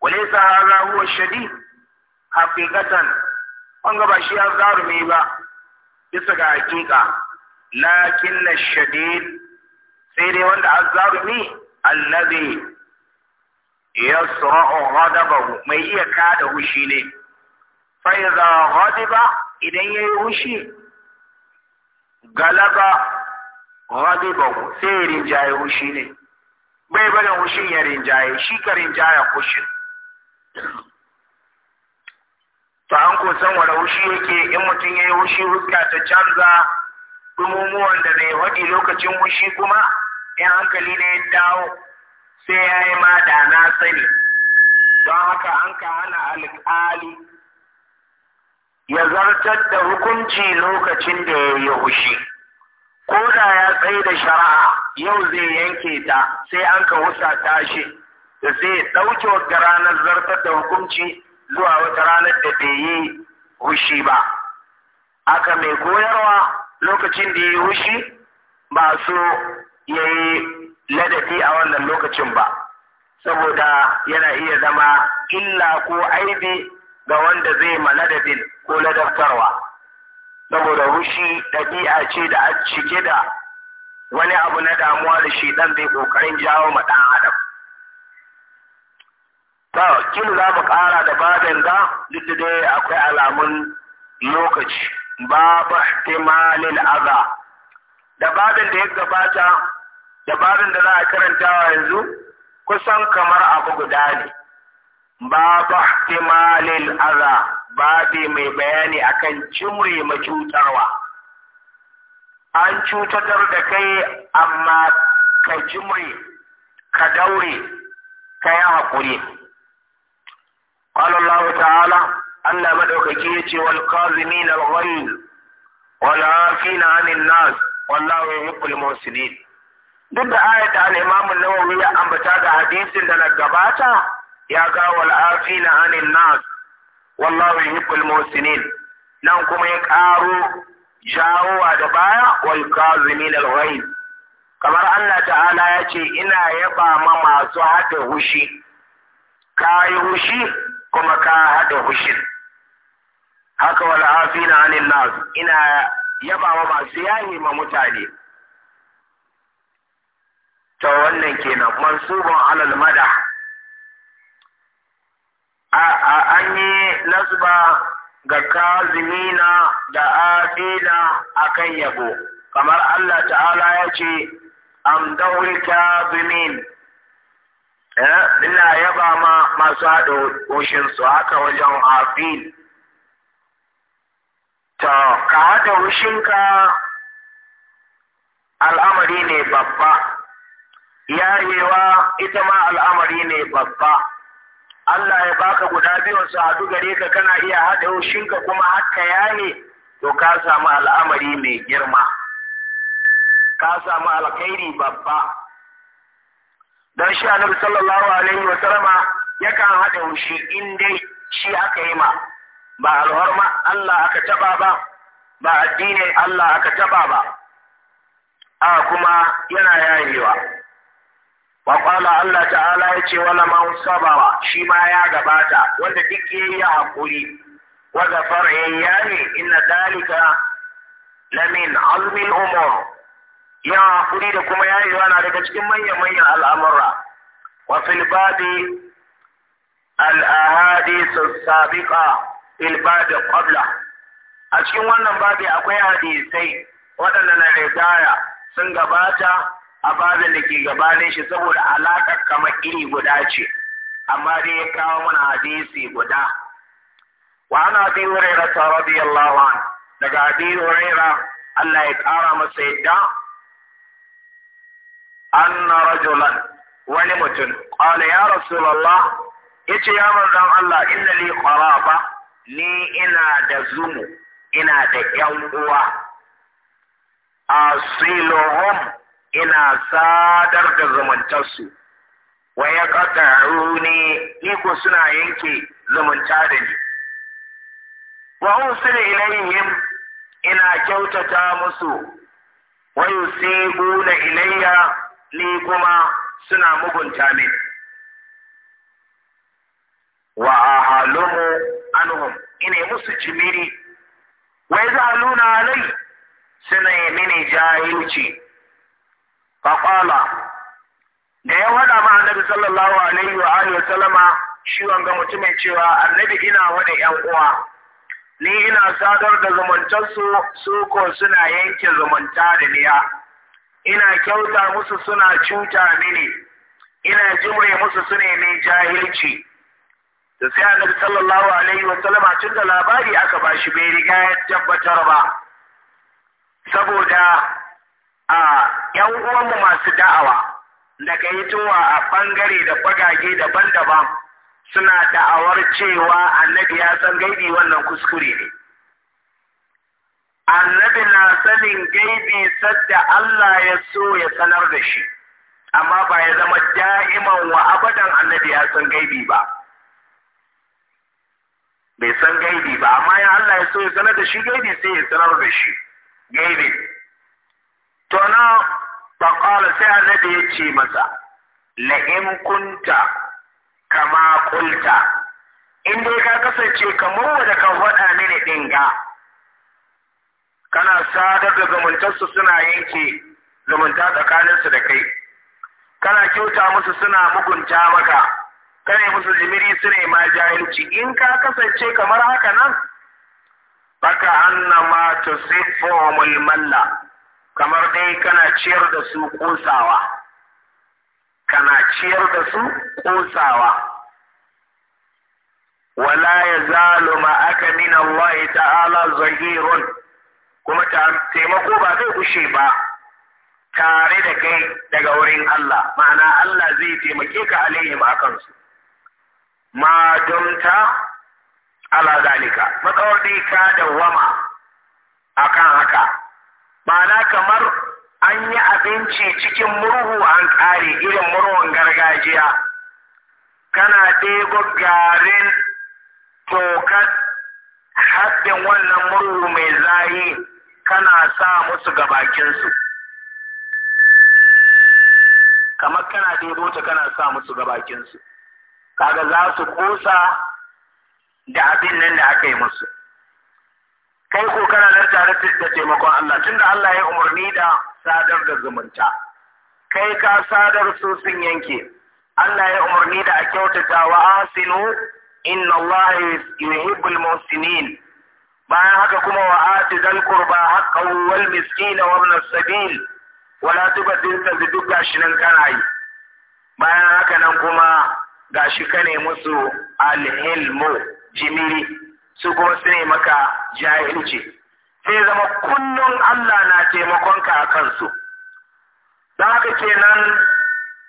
walaysa hadha huwa shadid haqiqatan wanga ba shi ya azarumi ba bisa ga hakika lakin shadid sai dai wanda azarumi allazi yasra'u ghadabahu mai iya kada hushi ne fa iza ghadiba idan yayi hushi galaba ghadibahu sai rinjaye hushi ne bai barin hushi ya rinjaye shi ka rinjaya hushi to an ko san wani hushi yake in mutum yayi hushi huska ta canza dumumuwan da bai wadi lokacin hushi kuma in hankali ne ya dawo sai ya yi ma da na sani don haka an ka hana alƙali ya zartar da hukunci lokacin da ya yi hushi ko da ya tsaye da shari'a yau zai yanke ta sai an ka wusa tashi da sai ɗauke wata ranar zartar da hukunci zuwa wata ranar da bai yi hushi ba aka mai koyarwa lokacin da ya yi hushi ba so ya yi ladabi a wannan lokacin ba saboda yana iya zama illa ko aibi ga wanda zai ma ladabin ko ladabtarwa saboda rushi ɗabi'a ce da a cike da wani abu na damuwa da shi ɗan zai ƙoƙarin jawo ma ɗan adam ta kin za mu ƙara da babin ga duk da dai akwai alamun lokaci babu ihtimalin aza da babin da ya gabata dabarun da za a karantawa yanzu kusan kamar abu guda ne babu ihtimalil aza mai bayani akan cimri macutarwa an cutar da kai amma ka jimre ka daure ka yi haƙuri Allah ta'ala Allah madaukaki yace wal qazimin al ghayz wal afina 'anil nas wallahu yuhibbul muhsinin duk da ayat da al-Imam an-Nawawi ya ambata ga hadisin da na gabata ya ga wal afina anin nas wallahu yuhibbul muhsinin nan kuma ya karo jawowa da baya wal kazimin al-ghayb kamar Allah ta'ala ya ce ina yaba ma masu hada hushi yi hushi kuma ka hada hushin haka wal afina anin nas ina yaba ma masu yayi ma mutane to wannan kenan mansubun alal mada an yi nasba ga kazimina da adina kan yabo kamar Allah ta'ala ya ce amdawul kazimin eh, ina yaba ma masu haɗa wushinsu haka wajen afin ta ka haɗa wushinka al'amari ne babba yayewa ita ma al'amari ne babba Allah ya baka guda biyun su gare ka kana iya haɗa ka kuma haka yaye to ka samu al'amari mai girma ka samu alkhairi babba don shi annabi sallallahu alaihi wa sallama yakan haɗa shi inda shi aka yi ma ba alhorma Allah aka taba ba ba addinin Allah aka taba ba a kuma yana yayewa wa Allah ta'ala ya ce wala man sabara shi ma ya gabata wanda duk yayi hakuri wa zafar yani inna dalika lamin azmin umur ya hakuri da kuma yayi na daga cikin manyan manyan al'amura wa fil babi al ahadith as-sabiqa fil qabla a cikin wannan babi akwai hadisai waɗanda na rigaya sun gabata abazin da ke gabanin shi saboda alaƙar kamar iri guda ce amma dai ya kawo mana hadisi guda wa ana bi ta radiyallahu an daga abi hurairah Allah ya ƙara masa yadda anna rajulan wani mutum qala ya rasulullah yace ya manzon Allah inna li qaraba ni ina da zumu ina da yan uwa asiluhum ina sadar da zumuntarsu wa ya ƙataru ne iko suna yanke zumunta da ni wa usul ilayhim ina kyautata musu wa na ilayya ni kuma suna mugunta min wa ahalumu anhum ina musu jimiri wa yazaluna alai suna mini jahilci Faƙwala. da ya wada ma annabi sallallahu alaihi wa alihi wasallama shi wanga mutumin cewa annabi ina wada yan uwa ni ina sadar da zumuntarsu su ko suna yanke zumunta da niya ina kyauta musu suna cuta mini ina jimre musu su ne jahilci da sai annabi sallallahu alaihi wa sallama tun da labari aka bashi bai riga ya tabbatar ba saboda a ‘yan uwanmu masu da'awa da tuwa a ɓangare da ƙwagage daban-daban suna da'awar cewa annabi ya san gaibi wannan kuskure ne. Annabi na sanin gaibi sadda Allah ya so ya sanar da shi, amma ba ya zama da'iman wa abadan annabi ya san gaibi ba. Bai san gaibi ba, amma ya Allah ya so ya sanar da shi gaibi sai ya sanar da shi, gaibi. to na faƙala sai annabi ya ce masa la'in kunta kama kulta in dai ka kasance kamar wadda ka faɗa mini ɗinga ga kana sadar da zumuntarsu suna yanke zumunta tsakaninsu da kai kana kyauta musu suna mugunta maka kane musu jimiri su ne ma jahilci in ka kasance kamar haka nan baka annama tusiffu mulmalla. kamar dai kana ciyar da su ƙosawa kana ciyar da su ƙosawa wala ya zalu ma'aka min Allah ta'ala zahirun kuma taimako ba zai kushe ba tare da kai daga wurin Allah ma'ana Allah zai taimake ka alaihim akan su ma dumta ala zalika matsawar dai ka dawwama akan haka ba kamar an yi abinci cikin murhu an ƙare irin murhun gargajiya kana ɗebo garin tokar haɗin wannan murhu mai zayi kana sa musu ga kamar kana ɗebo ta kana sa musu ga bakinsu kaga za su kusa da abin nan da aka yi musu kai ko kana nan tare da taimakon Allah tunda Allah ya umarni da sadar da zumunta kai ka sadar su sun yanke Allah ya umarni da a kyautata wa asinu inna Allah yuhibbul muhsinin bayan haka kuma wa ati dal qurba haqqan wal miskin wa ibn as-sabil wala tubdil tazduq gashi nan kana yi bayan haka nan kuma gashi kane musu al-hilmu jimiri su kuma su ne maka jahilci sai zama kullum Allah na taimakonka a kansu don haka kenan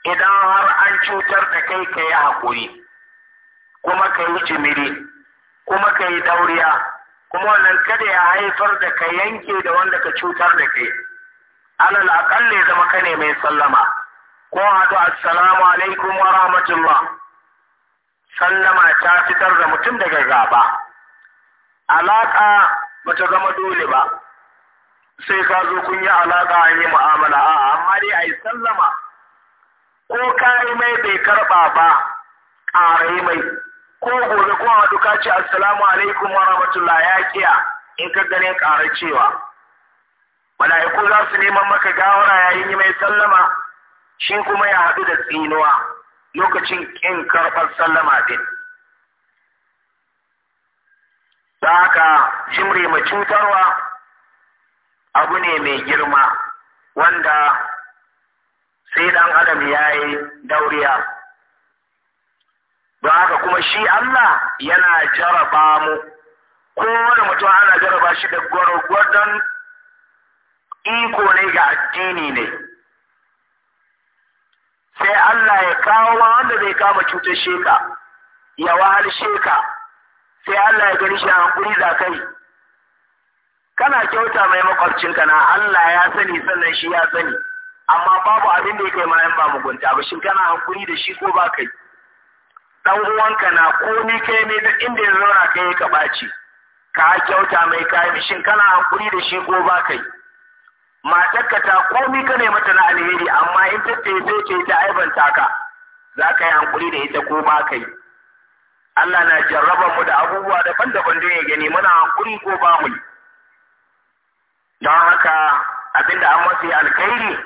idan har an cutar da kai ka yi haƙuri kuma ka yi jimiri kuma ka yi dauriya kuma wannan kada ya haifar da ka yanke da wanda ka cutar da kai alal aƙalle zama ka ne mai sallama ko haɗu assalamu alaikum wa rahmatullah sallama ta fitar da mutum daga gaba alaƙa bata zama dole ba sai ka zo kun yi alaƙa an yi mu'amala a amma dai a yi sallama ko kayi mai bai karɓa ba ƙarai mai ko gobe ko a duka ce assalamu alaikum wa rahmatullah ya kiya in ka gane ƙarar cewa mala'iku za su neman maka gawara yayin yi mai sallama shi kuma ya haɗu da tsinuwa lokacin ƙin karɓar sallama din da haka jimre mai cutarwa abu ne mai girma wanda sai dan adam ya yi dauriya Ba haka kuma shi Allah yana jaraba mu wani mutum ana jaraba shi da gwargwadon iko ne ga addini ne sai Allah ya kawo wanda zai kama cutar sheka ya wahal sheka sai Allah ya gani shi a hankuri za kai kana kyauta mai makwabcinka na Allah ya sani sannan shi ya sani amma babu abin da ya kai mayan ba mugunta ba shi kana hankuri da shi ko ba kai dan uwanka na ko ni kai ne duk inda ya zauna kai ka ɓaci ka kyauta mai kayan shi kana hankuri da shi ko ba kai matarka ta komi ka ne mata na alheri amma in ta ce sai ce ta aibanta ka za ka yi hankuri da ita ko ba ka yi Allah na jarraba mu da abubuwa daban-daban don ya gani muna hankuri ko ba mu don haka abinda an mafi alkhairi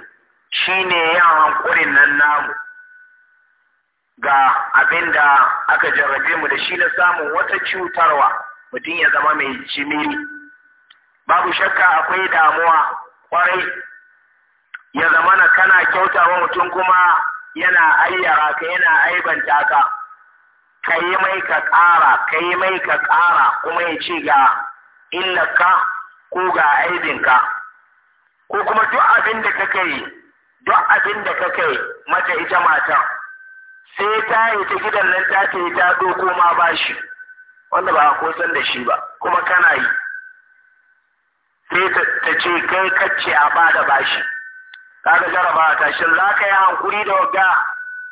shine yin hankurin nan namu ga abinda aka jarrabe mu da shi na samun wata cutarwa mutum ya zama mai jimiri babu shakka akwai damuwa kwarai ya zama na kana kyauta wa mutum kuma yana ayyara ka yana aibanta ka ka yi mai ka ƙara ka yi mai ka ƙara kuma ya ce ga illaka ko ga aibinka ko kuma duk abin da ka kai duk abin da yi mata ita mata sai ta yi ta gidan nan ta ta yi ta doko ma bashi wanda ba ko san da shi ba kuma kana yi sai ta ce kai kacce a ba da bashi kaga jaraba ta shin za ka yi hankuri da wagga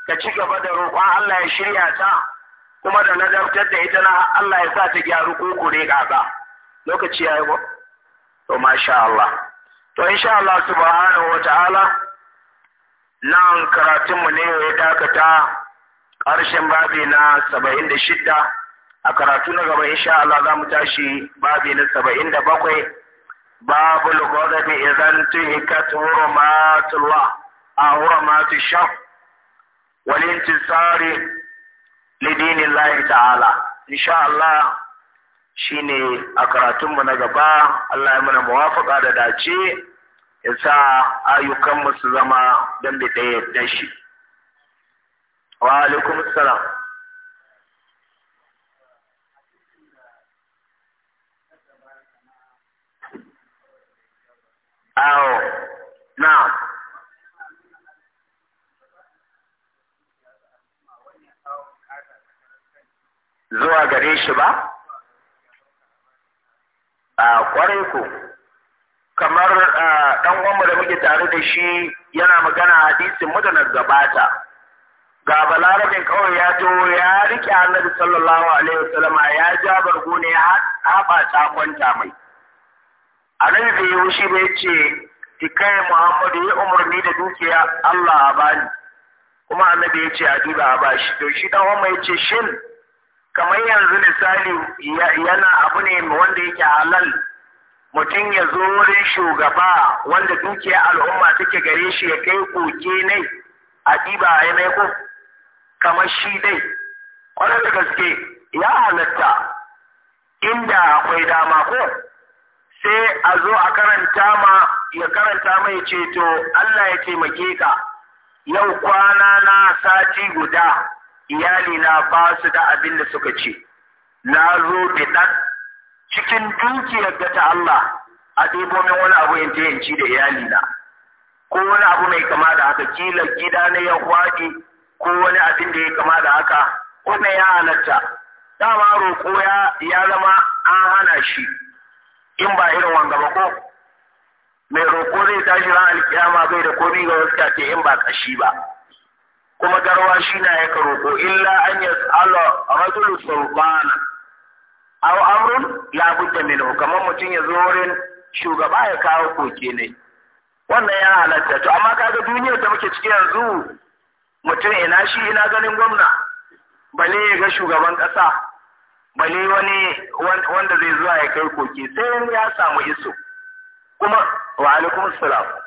ka ci gaba da roƙon Allah ya shirya ta kuma da nazartar da ita na Allah ya sa ta gyaru ko kure gaba lokaci ya yi ba to masha Allah to insha Allah subhanahu wa ta'ala nan karatun mu ne ya dakata ƙarshen babi na 76 a karatu na gaba insha Allah za mu tashi babi na 77 babu al-ghadabi idan tuhikat hurumatullah a hurumatu shaf wal intisari lidinin lahi ta'ala insha Allah shine a karatunmu na gaba Allah ya mana muwafaka da dace ya sa mu su zama don da ɗaya da shi wa alaikum salam Awo, na. zuwa gare shi ba? A kwarai ku, kamar ɗan wanda da muke tare da shi yana magana hadisin mutanen gabata. Ga balarabin kawai ya jo ya riƙe annabi sallallahu alaihi wasallama ya ja bargo ne ya haɓa ta kwanta mai. nan bai yi wushi bai ce, ki Muhammadu ya umarni da dukiya Allah a bani. Kuma annabi ya ce a duba a bashi, to shi ɗan uwanmu ya ce shin kamar yanzu misali yana abu ne wanda yake halal mutum ya zo wurin shugaba wanda dukiyar al'umma take gare shi ya kai koke nai, a ɗiba ya yanayi ko kamar shi dai kwanar da gaske ya halatta inda akwai dama ko sai a zo a karanta ma ya karanta mai ceto Allah ya taimake ka yau kwana na sati guda iyali na ba su da abin da suka ce na zo bidan cikin dukiyar da ta Allah a ɗebo min wani abu in tayanci da iyali na ko wani abu mai kama da haka kila gida na ya kwaɗi ko wani abin da ya kama da haka wannan ya halatta dama roƙo ya zama an hana shi in ba irin wanga ba ko mai roƙo zai tashi ran alkiyama bai da komi ga wasu ce in ba ƙashi ba kuma garwa shi na ya karoko illa an ya tsala rajulu sulbana aw amrun la budda minhu kamar mutum ya zo wurin shugaba ya kawo koke ne wannan ya halatta to amma kaga duniyar da muke ciki yanzu mutum ina shi ina ganin gwamna bale ya ga shugaban kasa bale wani wanda zai zuwa ya kai koke sai ya samu iso kuma wa alaikum salam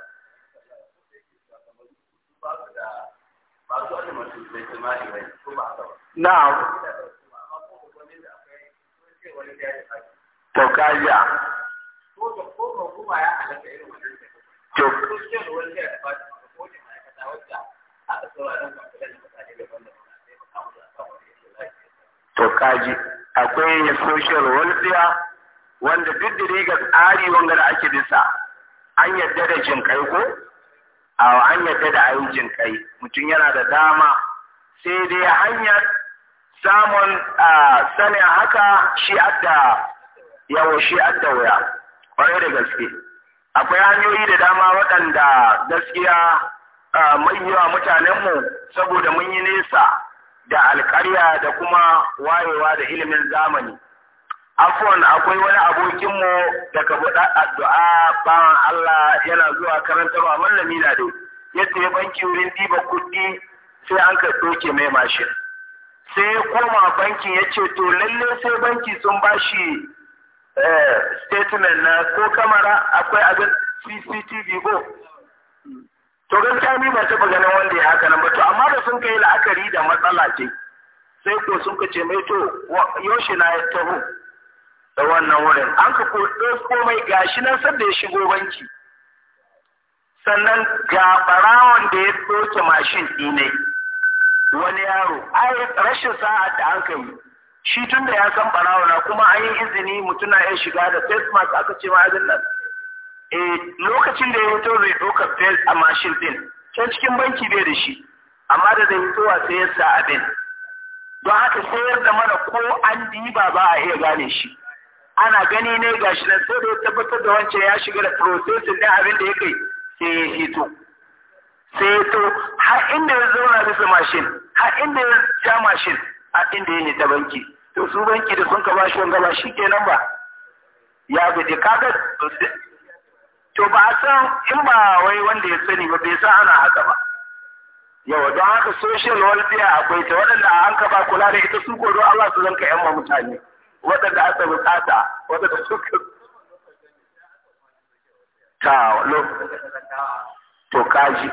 Na'am. To kaja. To kaji. Akwai social welfare wanda duk da rigar tsari wanda ake bisa an yarda da jin kai ko? a hanyar ta da ayi kai mutum yana da dama sai dai hanyar samun sanin haka shi adda yawo shi adda wuya kwarai da gaske akwai hanyoyi da dama waɗanda gaskiya mai yawa mutanenmu saboda mun yi nesa da alƙarya da kuma wayewa da ilimin zamani Afon akwai wani abokinmu daga buɗa addu'a bawan Allah yana zuwa karantarwa mallami na da Yadda ya banki wurin diba kuɗi sai an ka doke mai mashin. Sai ya koma bankin ya ce to lalle sai banki sun bashi eh, statement na ko kamara akwai abin CCTV ko. To gaskiya ni ba taɓa ganin wanda ya haka nan ba to amma da sun kai la'akari da matsala ce. Sai ko sun ka ce mai to yaushe na ya taho. da wannan wurin an ka koɗo komai gashi nan sanda ya shigo banki sannan ga barawon da ya ɗauke mashin ɗine wani yaro ai rashin sa'a da an ka shi tun da ya san barawona, kuma an yi izini mutuna ya shiga da face mask aka ce ma nan e lokacin da ya fito zai ɗauka face a mashin ɗin can cikin banki bai da shi amma da zai fito a sayar sa'a abin don haka sayar da mana ko an diba ba a iya gane shi ana gani ne gashi nan sai da ya tabbatar da wancan ya shiga da processing da abin da ya kai sai ya fito. sai ya to har inda ya zauna bisa mashin har inda ya ja mashin a inda ya nita banki to su banki da sun kaba shi wanga ba shi kenan ba ya gaji kaga to ba a san in ba wai wanda ya sani ba bai san ana haka ba yawa don haka social welfare akwai ta waɗanda an ka ba kula da ita su ko don Allah su zanka yan mutane waɗanda aka bukata waɗanda suka ta to kaji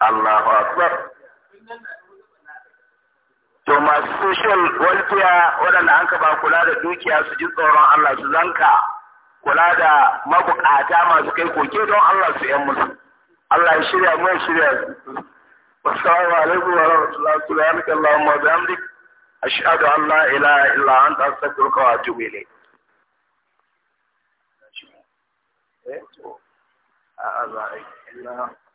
Allahu Akbar. To masu social welfare waɗanda an ka ba kula da dukiya su ji tsoron Allah su zanka kula da mabukata masu kai koke don Allah su ‘yan musu. Allah ya shirya mu ya shirya su. Assalamu alaikum wa rahmatullahi subhanaka Allahumma wa bihamdik ashhadu an la ilaha illa anta astaghfiruka wa atubu ilayk. Eh to a a